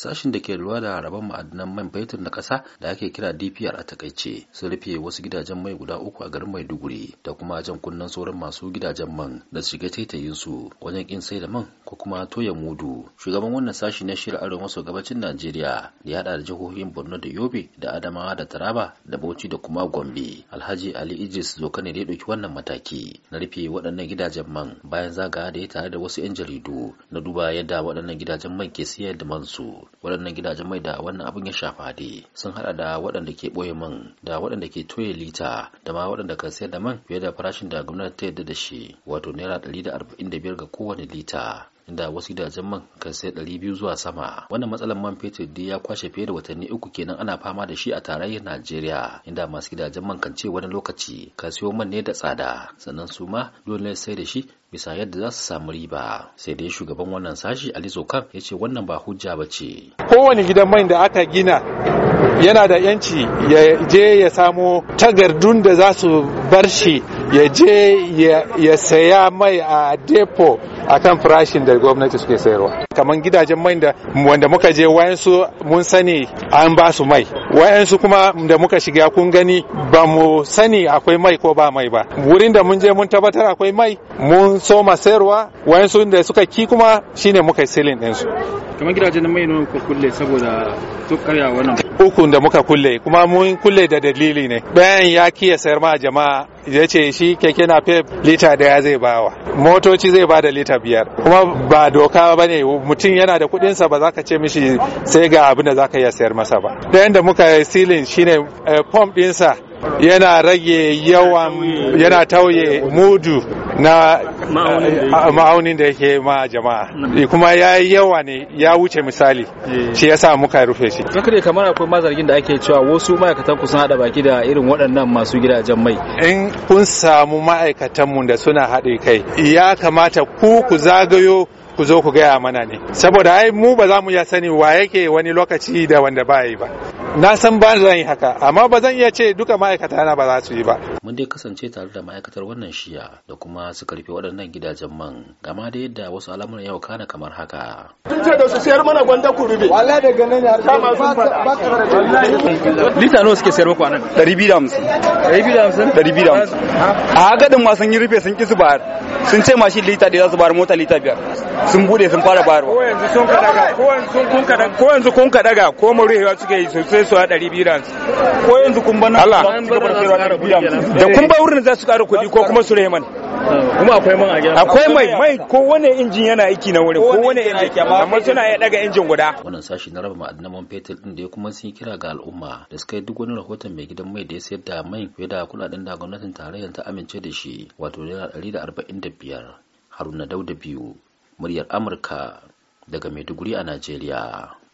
sashin da ke lura da rabon ma'adinan man fetur na ƙasa da ake kira DPR a takaice sun rufe wasu gidajen mai guda uku a garin Maiduguri da kuma jan kunnen sauran masu gidajen man da shiga taitayin su wajen kin sai da man ko kuma toya mudu. Shugaban wannan sashi na shirin arewa maso gabacin Najeriya da ya hada da jihohin Borno da Yobe da Adamawa da Taraba da Bauchi da kuma Gombe. Alhaji Ali Idris Zokane da ya dauki wannan mataki na rufe waɗannan gidajen man bayan zagaya da ya tare da wasu 'yan jaridu na duba yadda waɗannan gidajen man ke siyar da man su waɗannan gidajen mai da wannan abin ya shafa dai sun hada da waɗanda ke ɓoye man da waɗanda ke toye lita da ma waɗanda kan sayar da man fiye da farashin da gwamnati ta yarda da shi wato naira ɗari da arba'in da biyar ga kowane lita inda wasu gidajen man kan sai ɗari biyu zuwa sama wannan matsalar man fetur dai ya kwashe fiye da watanni uku kenan ana fama da shi a tarayyar najeriya inda masu gidajen man kan ce wani lokaci kan siyo man ne da tsada sannan su ma dole sai da shi bisa yadda za su samu riba sai dai shugaban wannan sashi ali zokan ya ce wannan ba hujja ba ce kowane gidan mai da aka gina yana da yanci ya je ya samo tagardun da za su bar shi ya je ya saya mai a depo a kan farashin da gwamnati suke sayarwa kamar gidajen mai wanda muka je wayansu mun sani an ba su mai wayansu kuma da muka shiga kun gani ba mu sani akwai mai ko ba mai ba wurin da mun je mun tabbatar akwai mai mun soma sayarwa wayansu da suka ki kuma shine muka silin ɗinsu kamar gidajen mai ne ku kulle saboda to karya wannan uku da muka kulle kuma mun kulle da dalili ne bayan ya kiya sayar ma jama'a ya ce shi keke na fef lita daya zai bawa motoci zai ba da lita biyar kuma ba doka ba ne mutum yana da kuɗinsa ba za ka ce mishi sai ga abin da za ka iya sayar masa ba da muka silin shine eh, pump ɗinsa yana rage yawan yana tauye mudu na ma'aunin da yake ma jama'a mm. kuma ya yi yawa ne ya wuce misali shi ya sa muka rufe shi zakari kamar akwai mazargin da ake cewa wasu ma'aikatan ku sun haɗa baki da irin waɗannan masu gidajen mai in kun samu ma'aikatanmu da suna haɗe kai ya kamata ku ku zagayo ku zo ku gaya mana ne saboda ai mu ba za mu ya sani wa yake wani lokaci da wanda ba yi ba na san ba zan yi haka amma ba zan iya ce duka ma'aikata na ba za su yi ba mun dai kasance tare da ma'aikatar wannan shiya da kuma su karfe waɗannan gidajen man gama da yadda wasu al'amuran yau kana kamar haka sun ce da su sayar mana gwanda ku rube wallahi daga nan ya ta ma sun fada lita nawa suke sayar muku anan 250 250 250 a gadin ma sun yi rufe sun kisu bayar sun ce mashin lita da za su bayar mota lita biyar sun bude sun fara bayarwa ko yanzu sun ka ko yanzu kun ka ko yanzu mu suke yi sosai sai su ɗari biyu da hamsin. Ko yanzu kun bana Allah da kun ba wurin za su ƙara kuɗi ko kuma su reman. kuma akwai man a akwai mai mai ko wani injin yana aiki na wurin ko wani injin amma suna ya daga injin guda wannan sashi na raba ma'adanan man fetur din da kuma sun kira ga al'umma da suka yi duk wani rahoton mai gidan mai da ya sayar da mai fiye da kudaden da gwamnatin tarayya ta amince da shi wato naira biyar haruna dauda biyu muryar amurka daga maiduguri a najeriya